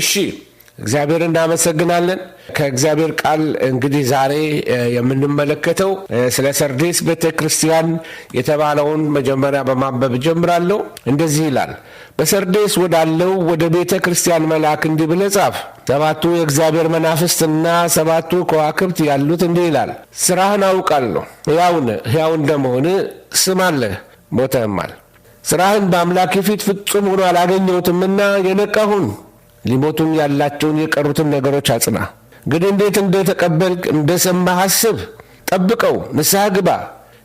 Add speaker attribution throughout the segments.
Speaker 1: እሺ እግዚአብሔር እናመሰግናለን። ከእግዚአብሔር ቃል እንግዲህ ዛሬ የምንመለከተው ስለ ሰርዴስ ቤተ ክርስቲያን የተባለውን መጀመሪያ በማንበብ ጀምራለሁ። እንደዚህ ይላል። በሰርዴስ ወዳለው ወደ ቤተ ክርስቲያን መልአክ እንዲህ ብለህ ጻፍ፣ ሰባቱ የእግዚአብሔር መናፍስትና ሰባቱ ከዋክብት ያሉት እንዲህ ይላል። ስራህን አውቃለሁ። ሕያውን ሕያው እንደመሆን ስም አለህ፣ ሞተህማል። ስራህን በአምላክ ፊት ፍጹም ሆኖ አላገኘሁትምና የነቃሁን ሊሞቱም ያላቸውን የቀሩትን ነገሮች አጽና። ግን እንዴት እንደተቀበልክ እንደሰማህ አስብ፣ ጠብቀው፣ ንስሐ ግባ።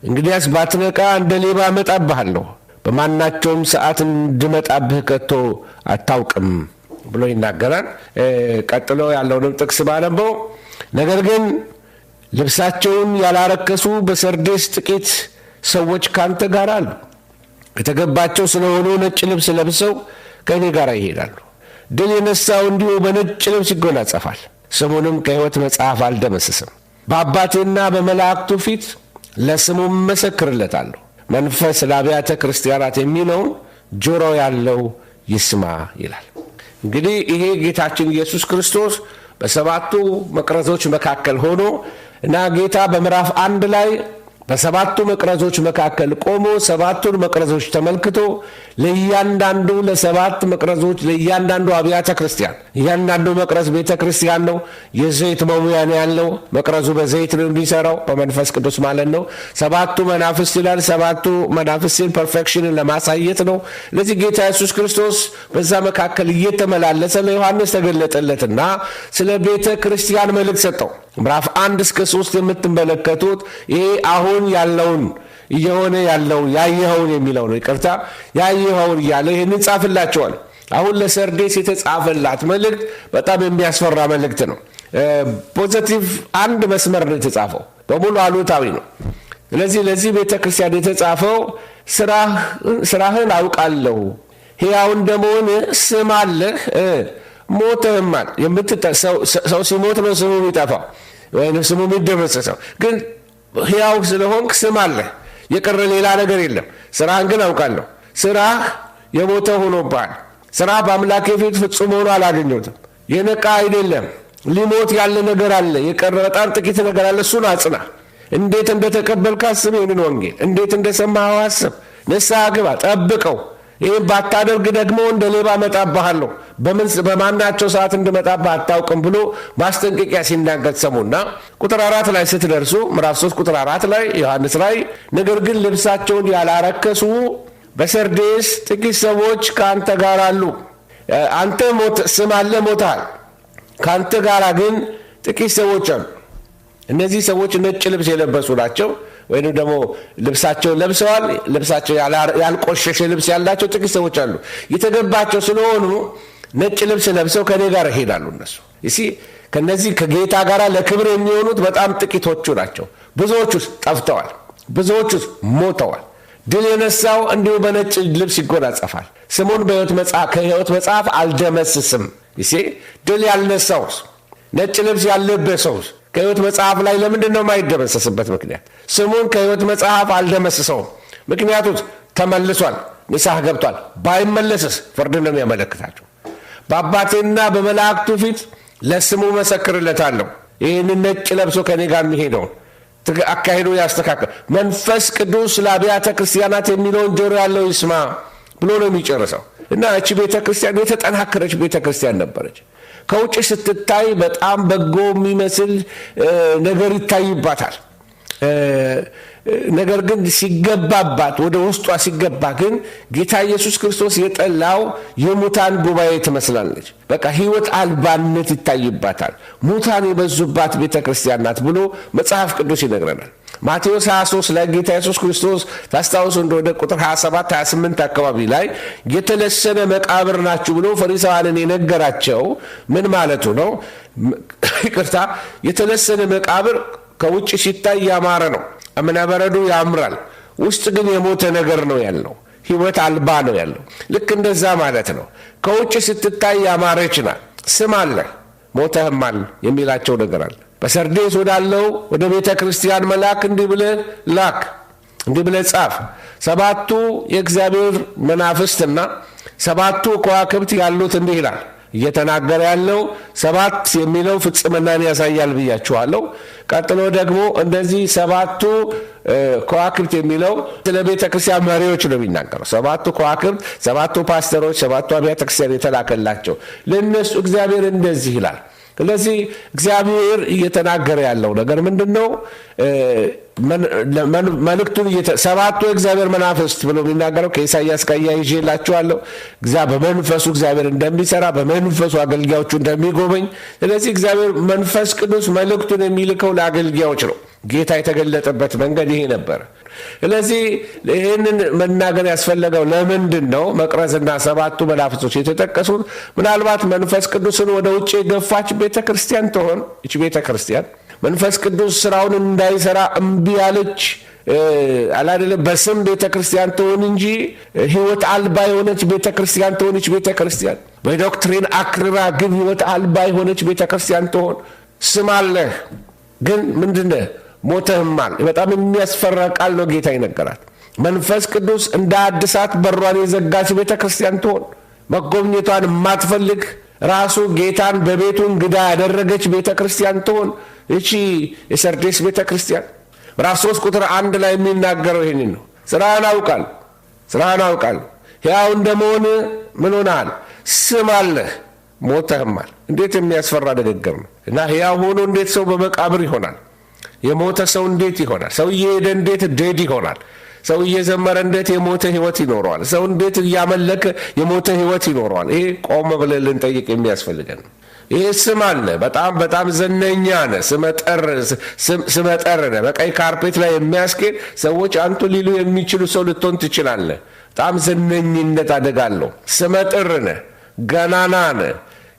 Speaker 1: እንግዲያስ ባትነቃ እንደ ሌባ እመጣብሃለሁ፣ በማናቸውም ሰዓት እንድመጣብህ ከቶ አታውቅም ብሎ ይናገራል። ቀጥሎ ያለውንም ጥቅስ ባነበው፣ ነገር ግን ልብሳቸውን ያላረከሱ በሰርዴስ ጥቂት ሰዎች ካንተ ጋር አሉ፣ የተገባቸው ስለሆኑ ነጭ ልብስ ለብሰው ከእኔ ጋር ይሄዳሉ ድል የነሳው እንዲሁ በነጭ ልብስ ይጎናጸፋል፣ ስሙንም ከሕይወት መጽሐፍ አልደመስስም። በአባቴና በመላእክቱ ፊት ለስሙም መሰክርለታለሁ። መንፈስ ለአብያተ ክርስቲያናት የሚለውን ጆሮ ያለው ይስማ ይላል። እንግዲህ ይሄ ጌታችን ኢየሱስ ክርስቶስ በሰባቱ መቅረዞች መካከል ሆኖ እና ጌታ በምዕራፍ አንድ ላይ በሰባቱ መቅረዞች መካከል ቆሞ ሰባቱን መቅረዞች ተመልክቶ ለእያንዳንዱ ለሰባት መቅረዞች ለእያንዳንዱ አብያተ ክርስቲያን እያንዳንዱ መቅረዝ ቤተ ክርስቲያን ነው። የዘይት መሙያን ያለው። መቅረዙ በዘይት ነው የሚሰራው፣ በመንፈስ ቅዱስ ማለት ነው። ሰባቱ መናፍስት ይላል። ሰባቱ መናፍስትን ፐርፌክሽንን ለማሳየት ነው። ለዚህ ጌታ ኢየሱስ ክርስቶስ በዛ መካከል እየተመላለሰ ለዮሐንስ ተገለጠለትና ስለ ቤተ ክርስቲያን መልእክት ሰጠው። ምዕራፍ አንድ እስከ ሶስት የምትመለከቱት ይሄ አሁን አሁን ያለውን እየሆነ ያለውን ያየኸውን የሚለው ነው። ይቅርታ ያየኸውን እያለው ይህን ጻፍላቸዋል። አሁን ለሰርዴስ የተጻፈላት መልእክት በጣም የሚያስፈራ መልእክት ነው። ፖዘቲቭ አንድ መስመር ነው የተጻፈው፣ በሙሉ አሉታዊ ነው። ስለዚህ ለዚህ ቤተ ክርስቲያን የተጻፈው ስራህን አውቃለሁ፣ ሕያውን እንደመሆን ስም አለህ፣ ሞተህማል። ሰው ሲሞት ነው ስሙ የሚጠፋው ወይም ስሙ የሚደመሰሰው ግን ሕያው ስለሆንክ ስም አለህ። የቀረ ሌላ ነገር የለም። ስራህን ግን አውቃለሁ። ስራህ የሞተ ሆኖብሃል። ስራ በአምላኬ ፊት ፍጹም ሆኖ አላገኘሁትም። የነቃ አይደለም። ሊሞት ያለ ነገር አለ። የቀረ በጣም ጥቂት ነገር አለ። እሱን አጽና። እንዴት እንደተቀበልክ አስብ። ይህንን ወንጌል እንዴት እንደሰማኸው አስብ። ንስሐ ግባ፣ ጠብቀው። ይህም ባታደርግ ደግሞ እንደ ሌባ መጣባሃለሁ በማናቸው ሰዓት እንድመጣባ አታውቅም ብሎ ማስጠንቀቂያ ሲናገር ሰሙና ቁጥር አራት ላይ ስትደርሱ ምዕራፍ 3 ቁጥር አራት ላይ ዮሐንስ ላይ ነገር ግን ልብሳቸውን ያላረከሱ በሰርዴስ ጥቂት ሰዎች ከአንተ ጋር አሉ። አንተ ስም አለ ሞታል። ከአንተ ጋር ግን ጥቂት ሰዎች አሉ። እነዚህ ሰዎች ነጭ ልብስ የለበሱ ናቸው። ወይም ደግሞ ልብሳቸውን ለብሰዋል። ልብሳቸው ያልቆሸሸ ልብስ ያላቸው ጥቂት ሰዎች አሉ። የተገባቸው ስለሆኑ ነጭ ልብስ ለብሰው ከእኔ ጋር ይሄዳሉ። እነሱ እሲ ከነዚህ ከጌታ ጋር ለክብር የሚሆኑት በጣም ጥቂቶቹ ናቸው። ብዙዎቹ ጠፍተዋል። ብዙዎቹ ሞተዋል። ድል የነሳው እንዲሁ በነጭ ልብስ ይጎናጸፋል። ስሙን ከሕይወት መጽሐፍ አልደመስስም። ድል ያልነሳውስ ነጭ ልብስ ያለበሰውስ ከህይወት መጽሐፍ ላይ ለምንድን ነው የማይደመሰስበት ምክንያት? ስሙን ከህይወት መጽሐፍ አልደመስሰውም። ምክንያቱ ተመልሷል፣ ንስሐ ገብቷል። ባይመለስስ ፍርድን ነው የሚያመለክታቸው። በአባቴና በመላእክቱ ፊት ለስሙ መሰክርለታለሁ፣ ይህን ነጭ ለብሶ ከኔ ጋር የሚሄደውን አካሄዱ ያስተካከል። መንፈስ ቅዱስ ለአብያተ ክርስቲያናት የሚለውን ጆሮ ያለው ይስማ ብሎ ነው የሚጨርሰው እና እቺ ቤተ ክርስቲያን የተጠናከረች ቤተ ክርስቲያን ነበረች። ከውጭ ስትታይ በጣም በጎ የሚመስል ነገር ይታይባታል። ነገር ግን ሲገባባት ወደ ውስጧ ሲገባ ግን ጌታ ኢየሱስ ክርስቶስ የጠላው የሙታን ጉባኤ ትመስላለች። በቃ ሕይወት አልባነት ይታይባታል። ሙታን የበዙባት ቤተ ክርስቲያን ናት ብሎ መጽሐፍ ቅዱስ ይነግረናል። ማቴዎስ 23 ላይ ጌታ ኢየሱስ ክርስቶስ ታስታውሱ እንደሆነ ቁጥር 27 28 አካባቢ ላይ የተለሰነ መቃብር ናችሁ ብሎ ፈሪሳውያንን የነገራቸው ምን ማለቱ ነው? ይቅርታ፣ የተለሰነ መቃብር ከውጭ ሲታይ ያማረ ነው፣ እምነበረዱ ያምራል። ውስጥ ግን የሞተ ነገር ነው ያለው፣ ህይወት አልባ ነው ያለው። ልክ እንደዛ ማለት ነው። ከውጭ ስትታይ ያማረች ናት፣ ስም አለ፣ ሞተህማል የሚላቸው ነገር አለ በሰርዴስ ወዳለው ወደ ቤተ ክርስቲያን መልአክ እንዲህ ብለ ላክ፣ እንዲህ ብለ ጻፍ። ሰባቱ የእግዚአብሔር መናፍስትና ሰባቱ ከዋክብት ያሉት እንዲህ ይላል። እየተናገረ ያለው ሰባት የሚለው ፍጽምናን ያሳያል ብያችኋለሁ። ቀጥሎ ደግሞ እንደዚህ ሰባቱ ከዋክብት የሚለው ስለ ቤተ ክርስቲያን መሪዎች ነው የሚናገረው። ሰባቱ ከዋክብት፣ ሰባቱ ፓስተሮች፣ ሰባቱ አብያተ ክርስቲያን የተላከላቸው ለእነሱ እግዚአብሔር እንደዚህ ይላል ስለዚህ እግዚአብሔር እየተናገረ ያለው ነገር ምንድን ነው? መልእክቱን ሰባቱ የእግዚአብሔር መናፍስት ብሎ የሚናገረው ከኢሳያስ ቀያ ይዤላችኋለሁ። በመንፈሱ እግዚአብሔር እንደሚሰራ በመንፈሱ አገልጋዮቹ እንደሚጎበኝ፣ ስለዚህ እግዚአብሔር መንፈስ ቅዱስ መልእክቱን የሚልከው ለአገልጋዮች ነው። ጌታ የተገለጠበት መንገድ ይሄ ነበር። ስለዚህ ይህንን መናገር ያስፈለገው ለምንድን ነው? መቅረዝና ሰባቱ መናፍስቶች የተጠቀሱት ምናልባት መንፈስ ቅዱስን ወደ ውጭ የገፋች ቤተ ክርስቲያን ትሆን? ይች ቤተ ክርስቲያን መንፈስ ቅዱስ ስራውን እንዳይሰራ እምቢ ያለች አላደለም በስም ቤተ ክርስቲያን ትሆን እንጂ ህይወት አልባ የሆነች ቤተ ክርስቲያን ትሆንች። ቤተ ክርስቲያን በዶክትሪን አክርራ ግን ህይወት አልባ የሆነች ቤተ ክርስቲያን ትሆን። ስም አለህ ግን ምንድነህ? ሞተህማል። በጣም የሚያስፈራ ቃል ነው ጌታ ይነገራል። መንፈስ ቅዱስ እንደ አድሳት በሯን የዘጋች ቤተ ክርስቲያን ትሆን መጎብኘቷን የማትፈልግ ራሱ ጌታን በቤቱ እንግዳ ያደረገች ቤተ ክርስቲያን ትሆን ይቺ የሰርዴስ ቤተ ክርስቲያን ምዕራፍ ቁጥር አንድ ላይ የሚናገረው ይህን ነው። ስራህን አውቃል፣ ስራህን አውቃል። ሕያው እንደመሆን ምን ሆነሃል? ስም አለህ፣ ሞተህማል። እንዴት የሚያስፈራ ንግግር ነው! እና ሕያው ሆኖ እንዴት ሰው በመቃብር ይሆናል? የሞተ ሰው እንዴት ይሆናል? ሰው እየሄደ እንዴት ዴድ ይሆናል? ሰው እየዘመረ እንዴት የሞተ ህይወት ይኖረዋል? ሰው እንዴት እያመለከ የሞተ ህይወት ይኖረዋል? ይሄ ቆም ብለን ልንጠይቅ የሚያስፈልገን ይህ ይሄ ስም አለ። በጣም በጣም ዝነኛ ነ ስመጠር ነ በቀይ ካርፔት ላይ የሚያስኬድ ሰዎች አንቱ ሊሉ የሚችሉ ሰው ልትሆን ትችላለህ። በጣም ዝነኝነት አደጋለሁ። ስመጥር ነ ገናና ነህ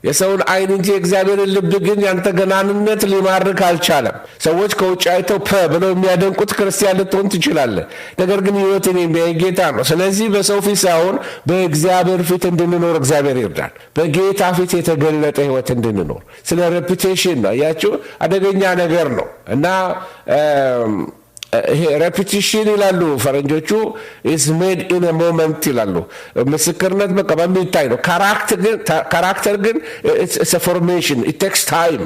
Speaker 1: የሰውን አይን እንጂ የእግዚአብሔርን ልብ ግን ያንተ ገናንነት ሊማርክ አልቻለም። ሰዎች ከውጭ አይተው ፐ ብለው የሚያደንቁት ክርስቲያን ልትሆን ትችላለህ። ነገር ግን ህይወትን የሚያይ ጌታ ነው። ስለዚህ በሰው ፊት ሳይሆን በእግዚአብሔር ፊት እንድንኖር እግዚአብሔር ይርዳል። በጌታ ፊት የተገለጠ ህይወት እንድንኖር ስለ ሬፒቴሽን ነው። ያችሁ አደገኛ ነገር ነው እና ይሄ ሬፒቲሽን ይላሉ ፈረንጆቹ ኢስ ሜድ ኢን ሞመንት ይላሉ። ምስክርነት በቃ በሚታይ ነው። ካራክተር ግን ፎርሜሽን ኢቴክስ ታይም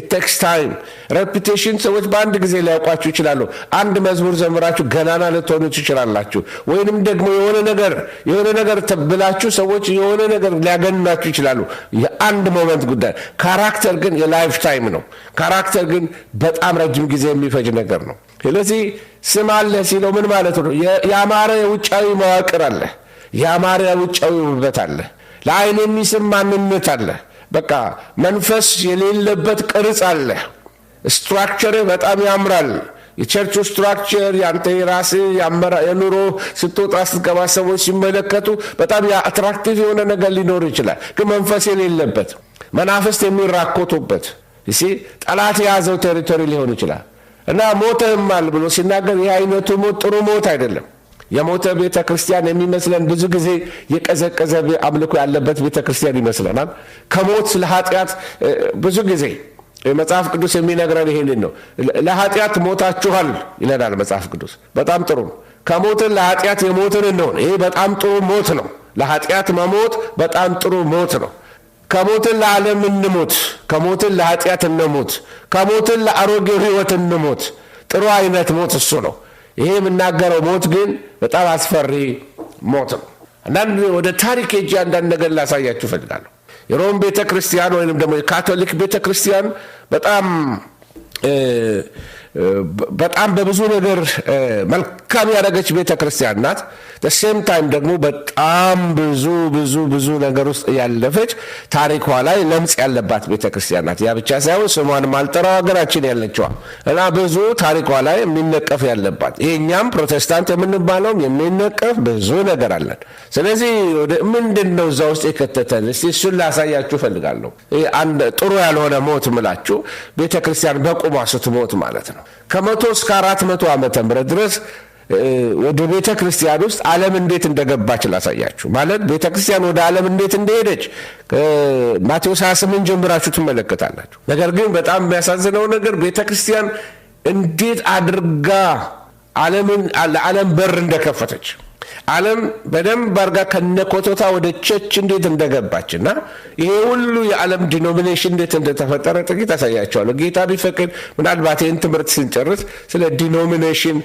Speaker 1: ኢቴክስ ታይም። ሬፒቴሽን ሰዎች በአንድ ጊዜ ሊያውቋችሁ ይችላሉ። አንድ መዝሙር ዘምራችሁ ገናና ልትሆኑ ትችላላችሁ። ወይንም ደግሞ የሆነ ነገር የሆነ ነገር ብላችሁ ሰዎች የሆነ ነገር ሊያገኙናችሁ ይችላሉ። የአንድ ሞመንት ጉዳይ። ካራክተር ግን የላይፍ ታይም ነው። ካራክተር ግን በጣም ረጅም ጊዜ የሚፈጅ ነገር ነው። ስለዚህ ስም አለ ሲለው ምን ማለት ነው? የአማረ የውጫዊ መዋቅር አለ፣ የአማረ የውጫዊ ውበት አለ፣ ለአይን የሚስም ማንነት አለ። በቃ መንፈስ የሌለበት ቅርጽ አለ። ስትራክቸር በጣም ያምራል። የቸርቹ ስትራክቸር ያንተ የራስ የኑሮ ስትወጣ ስትገባ ሰዎች ሲመለከቱ በጣም አትራክቲቭ የሆነ ነገር ሊኖር ይችላል። ግን መንፈስ የሌለበት መናፍስት የሚራኮቱበት ጠላት የያዘው ቴሪቶሪ ሊሆን ይችላል። እና ሞተህማል ብሎ ሲናገር ይህ አይነቱ ሞት ጥሩ ሞት አይደለም። የሞተ ቤተ ክርስቲያን የሚመስለን ብዙ ጊዜ የቀዘቀዘ አምልኮ ያለበት ቤተ ክርስቲያን ይመስለናል። ከሞት ለኃጢአት ብዙ ጊዜ መጽሐፍ ቅዱስ የሚነግረን ይሄንን ነው። ለኃጢአት ሞታችኋል ይለናል መጽሐፍ ቅዱስ። በጣም ጥሩ ነው። ከሞትን ለኃጢአት የሞትን እንደሆነ ይሄ በጣም ጥሩ ሞት ነው። ለኃጢአት መሞት በጣም ጥሩ ሞት ነው። ከሞትን ለዓለም እንሞት፣ ከሞትን ለኃጢአት እንሞት፣ ከሞትን ለአሮጌው ሕይወት እንሞት። ጥሩ አይነት ሞት እሱ ነው። ይሄ የምናገረው ሞት ግን በጣም አስፈሪ ሞት ነው። አንዳንድ ወደ ታሪክ ሄጄ አንዳንድ ነገር ላሳያችሁ እፈልጋለሁ። የሮም ቤተ ክርስቲያን ወይም ደግሞ የካቶሊክ ቤተ ክርስቲያን በጣም በጣም በብዙ ነገር መልካም ያደረገች ቤተ ክርስቲያን ናት። ሴም ታይም ደግሞ በጣም ብዙ ብዙ ብዙ ነገር ውስጥ ያለፈች ታሪኳ ላይ ለምጽ ያለባት ቤተክርስቲያን ናት። ያ ብቻ ሳይሆን ስሟንም አልጠራው ሀገራችን ያለችዋ እና ብዙ ታሪኳ ላይ የሚነቀፍ ያለባት ይሄኛም ፕሮቴስታንት የምንባለውም የሚነቀፍ ብዙ ነገር አለን። ስለዚህ ምንድን ነው እዛ ውስጥ የከተተን? እስቲ እሱን ላሳያችሁ እፈልጋለሁ። ጥሩ ያልሆነ ሞት ምላችሁ ቤተክርስቲያን በቁሟ ስትሞት ማለት ነው ከመቶ እስከ አራት መቶ ዓመተ ምህረት ድረስ ወደ ቤተ ክርስቲያን ውስጥ ዓለም እንዴት እንደገባች ላሳያችሁ። ማለት ቤተ ክርስቲያን ወደ ዓለም እንዴት እንደሄደች ማቴዎስ 28 ጀምራችሁ ትመለከታላችሁ። ነገር ግን በጣም የሚያሳዝነው ነገር ቤተ ክርስቲያን እንዴት አድርጋ ለዓለም በር እንደከፈተች ዓለም በደንብ አድርጋ ከነኮቶታ ወደ ቸች እንዴት እንደገባች እና ይሄ ሁሉ የዓለም ዲኖሚኔሽን እንዴት እንደተፈጠረ ጥቂት አሳያቸዋለሁ። ጌታ ቢፈቅድ ምናልባት ይህን ትምህርት ስንጨርስ ስለ ዲኖሚኔሽን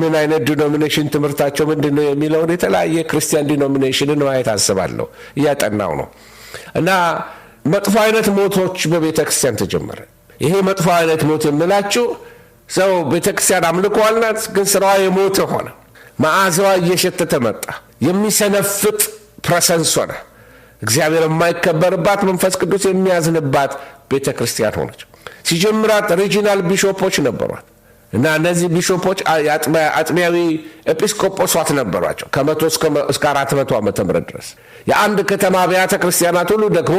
Speaker 1: ምን አይነት ዲኖሚኔሽን ትምህርታቸው ምንድን ነው የሚለውን የተለያየ ክርስቲያን ዲኖሚኔሽንን ማየት አስባለሁ። እያጠናው ነው እና መጥፎ አይነት ሞቶች በቤተ ክርስቲያን ተጀመረ። ይሄ መጥፎ አይነት ሞት የምላችሁ ሰው ቤተክርስቲያን አምልኮ አልናት፣ ግን ስራዋ የሞት ሆነ። መዓዛዋ እየሸተተ መጣ። የሚሰነፍጥ ፕረሰንስ ሆነ። እግዚአብሔር የማይከበርባት መንፈስ ቅዱስ የሚያዝንባት ቤተ ክርስቲያን ሆነች። ሲጀምራት ሪጂናል ቢሾፖች ነበሯት እና እነዚህ ቢሾፖች አጥቢያዊ ኤጲስቆጶሷት ነበሯቸው ከመቶ እስከ አራት መቶ ዓመተ ምህረት ድረስ የአንድ ከተማ አብያተ ክርስቲያናት ሁሉ ደግሞ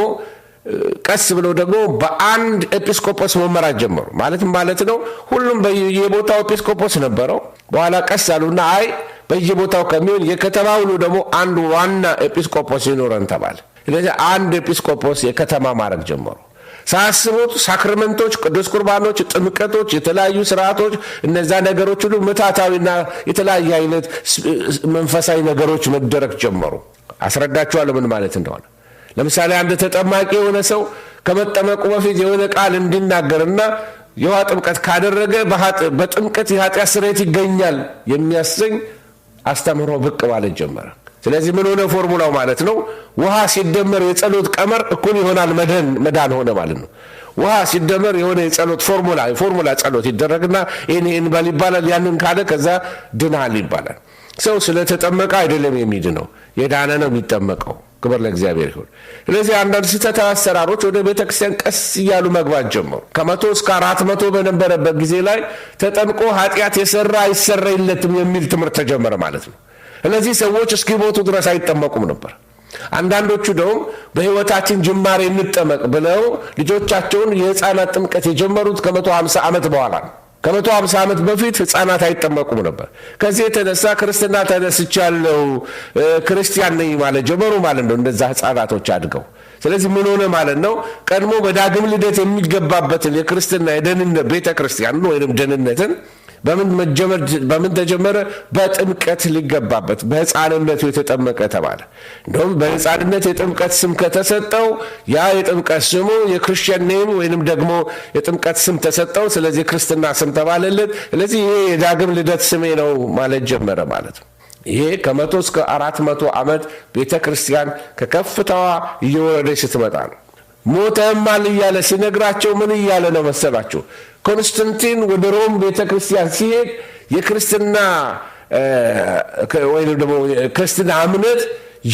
Speaker 1: ቀስ ብለው ደግሞ በአንድ ኤጲስቆጶስ መመራት ጀመሩ። ማለትም ማለት ነው ሁሉም በየቦታው ኤጲስቆጶስ ነበረው። በኋላ ቀስ አሉና አይ በየቦታው ከሚሆን የከተማ ሁሉ ደግሞ አንድ ዋና ኤጲስቆጶስ ይኖረን ተባለ። ስለዚህ አንድ ኤጲስቆጶስ የከተማ ማድረግ ጀመሩ። ሳያስቡት ሳክርመንቶች፣ ቅዱስ ቁርባኖች፣ ጥምቀቶች፣ የተለያዩ ስርዓቶች፣ እነዛ ነገሮች ሁሉ ምታታዊና የተለያየ አይነት መንፈሳዊ ነገሮች መደረግ ጀመሩ። አስረዳችኋለሁ ምን ማለት እንደሆነ። ለምሳሌ አንድ ተጠማቂ የሆነ ሰው ከመጠመቁ በፊት የሆነ ቃል እንዲናገርና የውሃ ጥምቀት ካደረገ በጥምቀት የኃጢአት ስርየት ይገኛል የሚያሰኝ አስተምህሮ ብቅ ማለት ጀመረ። ስለዚህ ምን ሆነ ፎርሙላው ማለት ነው? ውሃ ሲደመር የጸሎት ቀመር እኩል ይሆናል መዳን ሆነ ማለት ነው። ውሃ ሲደመር የሆነ የጸሎት ፎርሙላ የፎርሙላ ጸሎት ይደረግና ይህን በል ይባላል። ያንን ካለ ከዛ ድናል ይባላል። ሰው ስለተጠመቀ አይደለም የሚድነው፣ የዳነ ነው የሚጠመቀው። ክብር ለእግዚአብሔር ይሁን። ስለዚህ አንዳንድ ስህተት አሰራሮች ወደ ቤተክርስቲያን ቀስ እያሉ መግባት ጀመሩ። ከመቶ እስከ አራት መቶ በነበረበት ጊዜ ላይ ተጠምቆ ኃጢአት የሰራ አይሰረይለትም የሚል ትምህርት ተጀመረ ማለት ነው። ስለዚህ ሰዎች እስኪሞቱ ድረስ አይጠመቁም ነበር። አንዳንዶቹ ደውም በሕይወታችን ጅማሬ እንጠመቅ ብለው ልጆቻቸውን የሕፃናት ጥምቀት የጀመሩት ከመቶ ሃምሳ ዓመት በኋላ ነው። ከመቶ ሃምሳ ዓመት በፊት ህፃናት አይጠመቁም ነበር። ከዚህ የተነሳ ክርስትና ተነስቻለሁ ክርስቲያን ነኝ ማለት ጀመሩ ማለት ነው። እንደዛ ህፃናቶች አድገው ስለዚህ ምን ሆነ ማለት ነው? ቀድሞ በዳግም ልደት የሚገባበትን የክርስትና የደህንነት ቤተ ክርስቲያንን ወይም ደህንነትን በምን ተጀመረ? በጥምቀት ሊገባበት በሕፃንነቱ የተጠመቀ ተባለ። እንዲሁም በሕፃንነት የጥምቀት ስም ከተሰጠው ያ የጥምቀት ስሙ የክርስቲያን ኔም ወይንም ደግሞ የጥምቀት ስም ተሰጠው። ስለዚህ ክርስትና ስም ተባለለት። ስለዚህ ይሄ የዳግም ልደት ስሜ ነው ማለት ጀመረ ማለት ነው። ይሄ ከመቶ እስከ አራት መቶ ዓመት ቤተ ክርስቲያን ከከፍታዋ እየወረደች ስትመጣ ነው። ሞተማል እያለ ሲነግራቸው ምን እያለ ነው መሰላችሁ? ኮንስታንቲን ወደ ሮም ቤተ ክርስቲያን ሲሄድ የክርስትና ወይም ደግሞ ክርስትና እምነት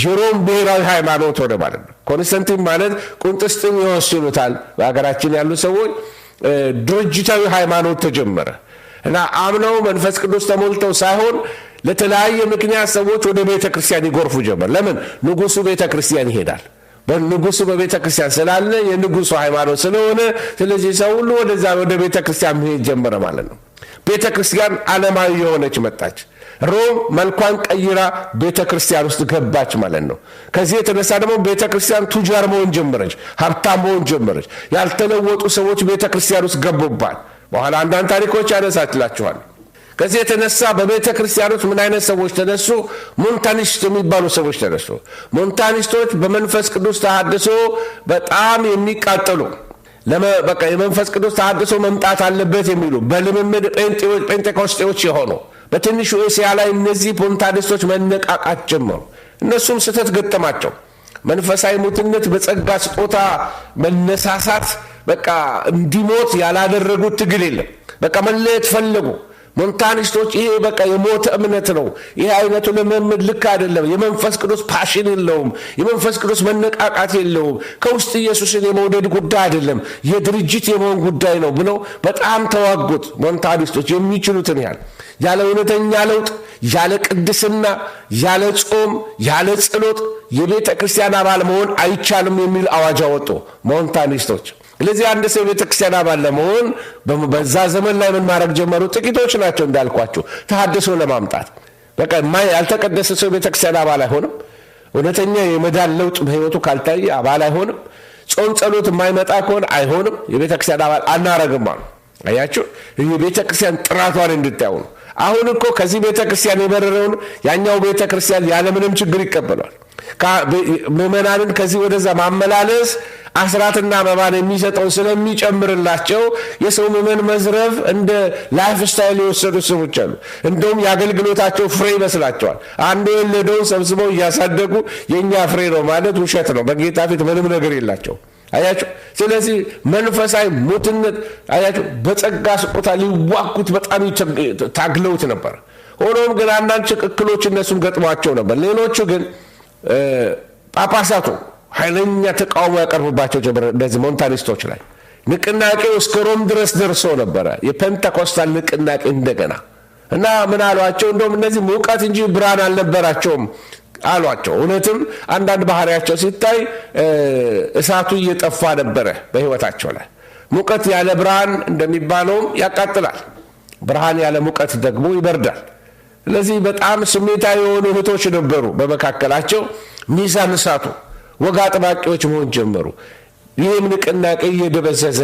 Speaker 1: የሮም ብሔራዊ ሃይማኖት ሆነ ማለት ነው። ኮንስታንቲን ማለት ቁንጥስጥን ይወስኑታል በሀገራችን ያሉ ሰዎች። ድርጅታዊ ሃይማኖት ተጀመረ እና አምነው መንፈስ ቅዱስ ተሞልተው ሳይሆን ለተለያየ ምክንያት ሰዎች ወደ ቤተ ክርስቲያን ይጎርፉ ጀመር። ለምን? ንጉሱ ቤተ ክርስቲያን ይሄዳል። በንጉሱ በቤተ ክርስቲያን ስላለ የንጉሱ ሃይማኖት ስለሆነ፣ ስለዚህ ሰው ሁሉ ወደዛ ወደ ቤተ ክርስቲያን መሄድ ጀመረ ማለት ነው። ቤተ ክርስቲያን ዓለማዊ የሆነች መጣች። ሮም መልኳን ቀይራ ቤተ ክርስቲያን ውስጥ ገባች ማለት ነው። ከዚህ የተነሳ ደግሞ ቤተ ክርስቲያን ቱጃር መሆን ጀመረች፣ ሀብታም መሆን ጀመረች። ያልተለወጡ ሰዎች ቤተ ክርስቲያን ውስጥ ገቡባት። በኋላ አንዳንድ ታሪኮች ያነሳችላችኋል። ከዚህ የተነሳ በቤተ ክርስቲያኖች ምን አይነት ሰዎች ተነሱ? ሞንታኒስት የሚባሉ ሰዎች ተነሱ። ሞንታኒስቶች በመንፈስ ቅዱስ ተሃድሶ በጣም የሚቃጠሉ በቃ የመንፈስ ቅዱስ ተሃድሶ መምጣት አለበት የሚሉ በልምምድ ጴንጤኮስጤዎች የሆኑ በትንሹ እስያ ላይ እነዚህ ሞንታኒስቶች መነቃቃት ጀመሩ። እነሱም ስህተት ገጠማቸው። መንፈሳዊ ሙትነት በጸጋ ስጦታ መነሳሳት በቃ እንዲሞት ያላደረጉት ትግል የለም። በቃ መለየት ፈለጉ። ሞንታኒስቶች ይሄ በቃ የሞተ እምነት ነው። ይሄ አይነቱ ልምምድ ልክ አይደለም። የመንፈስ ቅዱስ ፓሽን የለውም። የመንፈስ ቅዱስ መነቃቃት የለውም። ከውስጥ ኢየሱስን የመውደድ ጉዳይ አይደለም፣ የድርጅት የመሆን ጉዳይ ነው ብለው በጣም ተዋጉት። ሞንታኒስቶች የሚችሉትን ያህል ያለ እውነተኛ ለውጥ፣ ያለ ቅድስና፣ ያለ ጾም፣ ያለ ጸሎት የቤተ ክርስቲያን አባል መሆን አይቻልም የሚል አዋጅ አወጡ ሞንታኒስቶች። ስለዚህ አንድ ሰው ክርስቲያን አባል ለመሆን በዛ ዘመን ላይ ምን ማድረግ ጀመሩ? ጥቂቶች ናቸው እንዳልኳቸው ተሐድሶ ለማምጣት በቃ ያልተቀደሰ ሰው ቤተክርስቲያን አባል አይሆንም። እውነተኛ የመዳን ለውጥ በህይወቱ ካልታየ አባል አይሆንም። ጾም ጸሎት የማይመጣ ከሆነ አይሆንም። የቤተክርስቲያን አባል አናረግም አሉ። አያችሁ፣ የቤተክርስቲያን ጥራቷን እንድታዩ ነው። አሁን እኮ ከዚህ ቤተክርስቲያን የበረረውን ያኛው ቤተክርስቲያን ያለምንም ችግር ይቀበሏል። ምዕመናንን ከዚህ ወደዛ ማመላለስ አስራትና መባን የሚሰጠውን ስለሚጨምርላቸው የሰው ምዕመን መዝረፍ እንደ ላይፍ ስታይል የወሰዱ ሰዎች አሉ። እንደውም የአገልግሎታቸው ፍሬ ይመስላቸዋል። አንዱ የወለደውን ሰብስበው እያሳደጉ የእኛ ፍሬ ነው ማለት ውሸት ነው። በጌታ ፊት ምንም ነገር የላቸው። አያቸው። ስለዚህ መንፈሳዊ ሙትነት አያቸው። በጸጋ ስጦታ ሊዋኩት በጣም ታግለውት ነበር። ሆኖም ግን አንዳንድ ችክክሎች እነሱም ገጥሟቸው ነበር። ሌሎቹ ግን ጳጳሳቱ ኃይለኛ ተቃውሞ ያቀርቡባቸው ጀመረ። እነዚህ ሞንታኒስቶች ላይ ንቅናቄው እስከ ሮም ድረስ ደርሶ ነበረ። የፔንተኮስታል ንቅናቄ እንደገና እና ምን አሏቸው? እንደውም እነዚህ ሙቀት እንጂ ብርሃን አልነበራቸውም አሏቸው። እውነትም አንዳንድ ባህሪያቸው ሲታይ እሳቱ እየጠፋ ነበረ በህይወታቸው ላይ። ሙቀት ያለ ብርሃን እንደሚባለውም ያቃጥላል፣ ብርሃን ያለ ሙቀት ደግሞ ይበርዳል። ስለዚህ በጣም ስሜታዊ የሆኑ እህቶች ነበሩ። በመካከላቸው ሚዛን ሳቱ፣ ወግ አጥባቂዎች መሆን ጀመሩ። ይህም ንቅናቄ እየደበዘዘ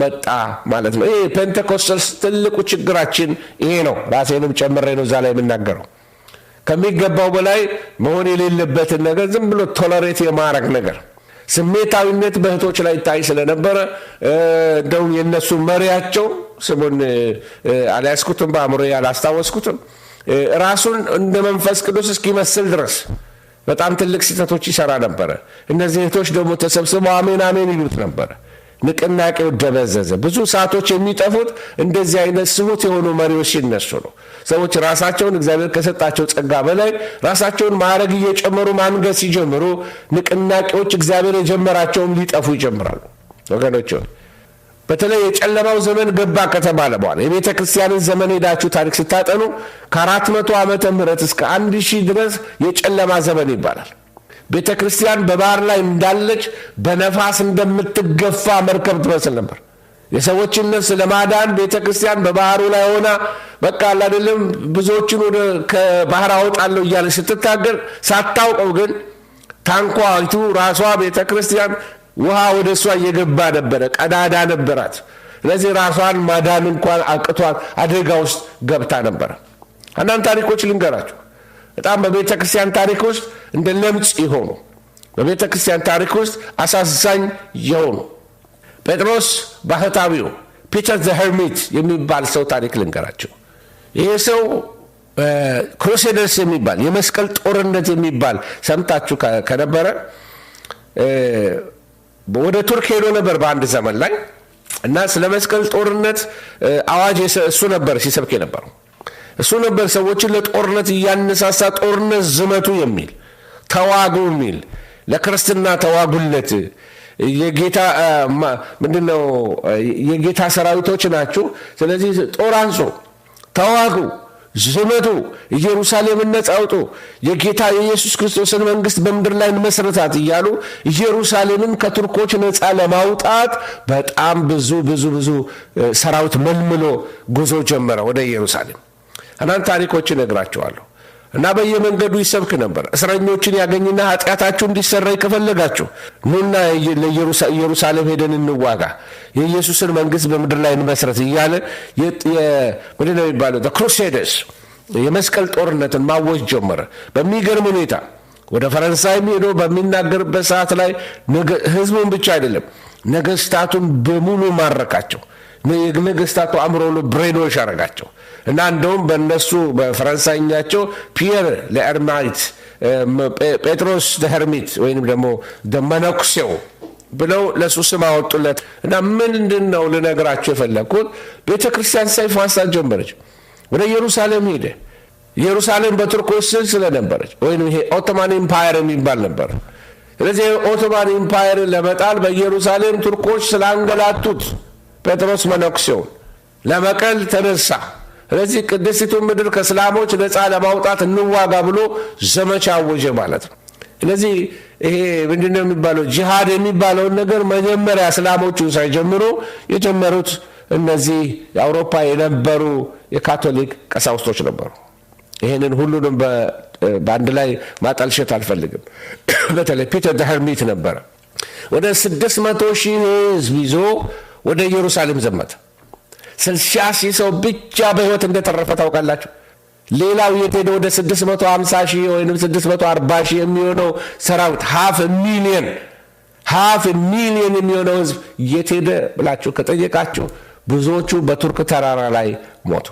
Speaker 1: መጣ ማለት ነው። ይሄ ፔንቴኮስተልስ ትልቁ ችግራችን ይሄ ነው። ራሴንም ጨምሬ ነው እዛ ላይ የምናገረው። ከሚገባው በላይ መሆን የሌለበትን ነገር ዝም ብሎ ቶለሬት የማረግ ነገር ስሜታዊነት በእህቶች ላይ ይታይ ስለነበረ እንደውም የእነሱ መሪያቸው ስሙን አልያዝኩትም፣ በአእምሮ አላስታወስኩትም ራሱን እንደ መንፈስ ቅዱስ እስኪመስል ድረስ በጣም ትልቅ ስህተቶች ይሰራ ነበረ። እነዚህ እህቶች ደግሞ ተሰብስበው አሜን አሜን ይሉት ነበረ። ንቅናቄው ደበዘዘ። ብዙ ሰዓቶች የሚጠፉት እንደዚህ አይነት ስሁት የሆኑ መሪዎች ሲነሱ ነው። ሰዎች ራሳቸውን እግዚአብሔር ከሰጣቸው ጸጋ በላይ ራሳቸውን ማዕረግ እየጨመሩ ማንገስ ሲጀምሩ፣ ንቅናቄዎች እግዚአብሔር የጀመራቸውም ሊጠፉ ይጀምራሉ ወገኖች በተለይ የጨለማው ዘመን ገባ ከተባለ በኋላ የቤተ ክርስቲያንን ዘመን ሄዳችሁ ታሪክ ስታጠኑ ከአራት መቶ ዓመተ ምህረት እስከ አንድ ሺህ ድረስ የጨለማ ዘመን ይባላል። ቤተ ክርስቲያን በባህር ላይ እንዳለች በነፋስ እንደምትገፋ መርከብ ትመስል ነበር። የሰዎችን ነፍስ ለማዳን ቤተ ክርስቲያን በባህሩ ላይ ሆና በቃ አላደለም ብዙዎችን ወደ ከባህር አወጣለሁ እያለች ስትታገር ሳታውቀው ግን ታንኳይቱ ራሷ ቤተ ክርስቲያን ውሃ ወደ እሷ እየገባ ነበረ። ቀዳዳ ነበራት። ስለዚህ ራሷን ማዳን እንኳን አቅቷን አደጋ ውስጥ ገብታ ነበረ። አንዳንድ ታሪኮች ልንገራችሁ። በጣም በቤተ ክርስቲያን ታሪክ ውስጥ እንደ ለምጽ የሆኑ በቤተ ክርስቲያን ታሪክ ውስጥ አሳዛኝ የሆኑ ጴጥሮስ ባህታዊው ፒተር ዘ ሄርሚት የሚባል ሰው ታሪክ ልንገራቸው። ይህ ሰው ክሩሴደርስ የሚባል የመስቀል ጦርነት የሚባል ሰምታችሁ ከነበረ ወደ ቱርክ ሄዶ ነበር በአንድ ዘመን ላይ እና ስለ መስቀል ጦርነት አዋጅ እሱ ነበር ሲሰብክ የነበረው። እሱ ነበር ሰዎችን ለጦርነት እያነሳሳ ጦርነት ዝመቱ የሚል ተዋጉ የሚል ለክርስትና ተዋጉለት የጌታ ምንድነው የጌታ ሰራዊቶች ናችሁ። ስለዚህ ጦር አንጹ፣ ተዋጉ ዝመቱ፣ ኢየሩሳሌምን ነፃ አውጡ፣ የጌታ የኢየሱስ ክርስቶስን መንግስት በምድር ላይ እንመስረታት እያሉ ኢየሩሳሌምን ከቱርኮች ነፃ ለማውጣት በጣም ብዙ ብዙ ብዙ ሰራዊት መልምሎ ጉዞ ጀመረ ወደ ኢየሩሳሌም። እናንተ ታሪኮች እነግራቸዋለሁ። እና በየመንገዱ ይሰብክ ነበር። እስረኞችን ያገኝና ኃጢአታችሁ እንዲሰረይ ከፈለጋችሁ ኑና ለኢየሩሳሌም ሄደን እንዋጋ፣ የኢየሱስን መንግስት በምድር ላይ እንመስረት እያለ ምንድን ነው የሚባለው ክሩሴደስ የመስቀል ጦርነትን ማወጅ ጀመረ። በሚገርም ሁኔታ ወደ ፈረንሳይም ሄዶ በሚናገርበት ሰዓት ላይ ህዝቡን ብቻ አይደለም ነገስታቱን በሙሉ ማረካቸው። ነገስታቱ አእምሮ ሁሉ ብሬኖች አረጋቸው እና እንደውም በእነሱ በፈረንሳይኛቸው ፒየር ለኤርማይት ጴጥሮስ ደሄርሚት ወይም ደግሞ መነኩሴው ብለው ለእሱ ስም አወጡለት እና ምንድን ነው ልነግራቸው የፈለግኩት ቤተ ክርስቲያን ሰይፍ ማንሳት ጀመረች። ወደ ኢየሩሳሌም ሄደ። ኢየሩሳሌም በቱርኮች ስር ስለነበረች ወይም ይሄ ኦቶማን ኢምፓየር የሚባል ነበር። ስለዚህ ኦቶማን ኢምፓየርን ለመጣል በኢየሩሳሌም ቱርኮች ስላንገላቱት ጴጥሮስ መነኩሴውን ለመቀል ተነሳ። ስለዚህ ቅድስቲቱን ምድር ከእስላሞች ነፃ ለማውጣት እንዋጋ ብሎ ዘመቻ አወጀ ማለት ነው። ስለዚህ ይሄ ምንድነው የሚባለው ጂሃድ የሚባለውን ነገር መጀመሪያ እስላሞቹን ሳይጀምሩ የጀመሩት እነዚህ የአውሮፓ የነበሩ የካቶሊክ ቀሳውስቶች ነበሩ። ይህንን ሁሉንም በአንድ ላይ ማጠልሸት አልፈልግም። በተለይ ፒተር ደርሚት ነበረ ወደ ስድስት መቶ ሺህ ህዝብ ይዞ ወደ ኢየሩሳሌም ዘመተ። ስልሳ ሺህ ሰው ብቻ በሕይወት እንደተረፈ ታውቃላችሁ። ሌላው የት ሄደ? ወደ 650 ሺህ ወይም 640 ሺህ የሚሆነው ሰራዊት ሀፍ ሚሊየን ሀፍ ሚሊየን የሚሆነው ህዝብ የት ሄደ ብላችሁ ከጠየቃችሁ ብዙዎቹ በቱርክ ተራራ ላይ ሞቱ።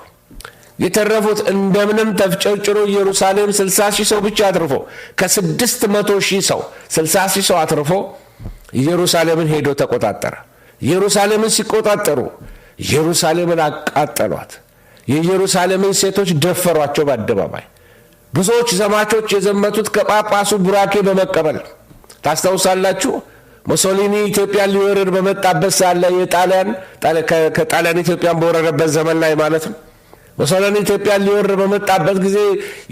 Speaker 1: የተረፉት እንደምንም ተፍጨርጭሮ ኢየሩሳሌም 60 ሺህ ሰው ብቻ አትርፎ ከ600 ሺህ ሰው 60 ሺህ ሰው አትርፎ ኢየሩሳሌምን ሄዶ ተቆጣጠረ። ኢየሩሳሌምን ሲቆጣጠሩ ኢየሩሳሌምን አቃጠሏት። የኢየሩሳሌምን ሴቶች ደፈሯቸው በአደባባይ። ብዙዎች ዘማቾች የዘመቱት ከጳጳሱ ቡራኬ በመቀበል ታስታውሳላችሁ። ሙሶሊኒ ኢትዮጵያን ሊወረድ በመጣበት ሳለ የጣሊያን ከጣሊያን ኢትዮጵያን በወረረበት ዘመን ላይ ማለት ነው በሰሜን ኢትዮጵያ ሊወር በመጣበት ጊዜ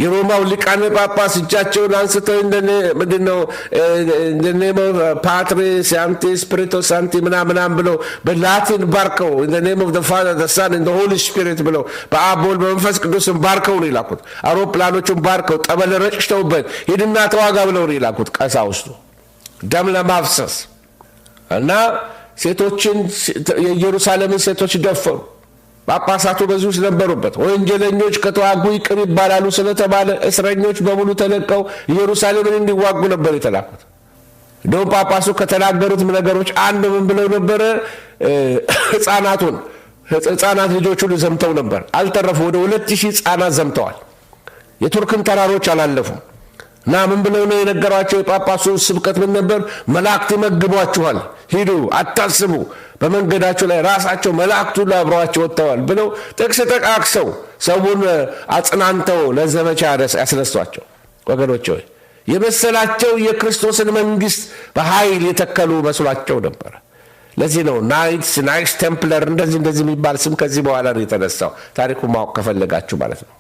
Speaker 1: የሮማው ሊቃነ ጳጳስ እጃቸውን አንስተው ምንድነው እንደኔሞ ፓትሪ ሳንቲ ስፒሪቶ ሳንቲ ምናምናም ብለው በላቲን ባርከው እንደኔሞ ሳን እንደ ሆሊ ስፒሪት ብለው በአቦል በመንፈስ ቅዱስን ባርከው ነው ይላኩት። አውሮፕላኖቹን ባርከው ጠበል ረጭተውበት ሂድና ተዋጋ ብለው ነው የላኩት። ቀሳውስቱ ደም ለማፍሰስ እና ሴቶችን የኢየሩሳሌምን ሴቶች ደፈሩ። ጳጳሳቱ በዚህ ውስጥ ነበሩበት። ወንጀለኞች ከተዋጉ ይቅር ይባላሉ ስለተባለ እስረኞች በሙሉ ተለቀው ኢየሩሳሌምን እንዲዋጉ ነበር የተላኩት። እንደውም ጳጳሱ ከተናገሩት ነገሮች አንዱ ምን ብለው ነበረ? ህፃናቱን ህፃናት ልጆቹን ዘምተው ነበር። አልተረፉ። ወደ ሁለት ሺህ ህፃናት ዘምተዋል። የቱርክን ተራሮች አላለፉም። እና ምን ብለው ነው የነገሯቸው? የጳጳሱ ስብከት ምን ነበር? መላእክት ይመግቧችኋል፣ ሂዱ፣ አታስቡ፣ በመንገዳቸው ላይ ራሳቸው መላእክቱ አብረዋቸው ወጥተዋል ብለው ጥቅስ ጠቃቅሰው ሰውን አጽናንተው ለዘመቻ ያስነሷቸው ወገኖች ሆይ የመሰላቸው የክርስቶስን መንግሥት በኃይል የተከሉ መስሏቸው ነበረ። ለዚህ ነው ናይትስ ናይትስ ቴምፕለር እንደዚህ እንደዚህ የሚባል ስም ከዚህ በኋላ ነው የተነሳው። ታሪኩ ማወቅ ከፈለጋችሁ ማለት ነው።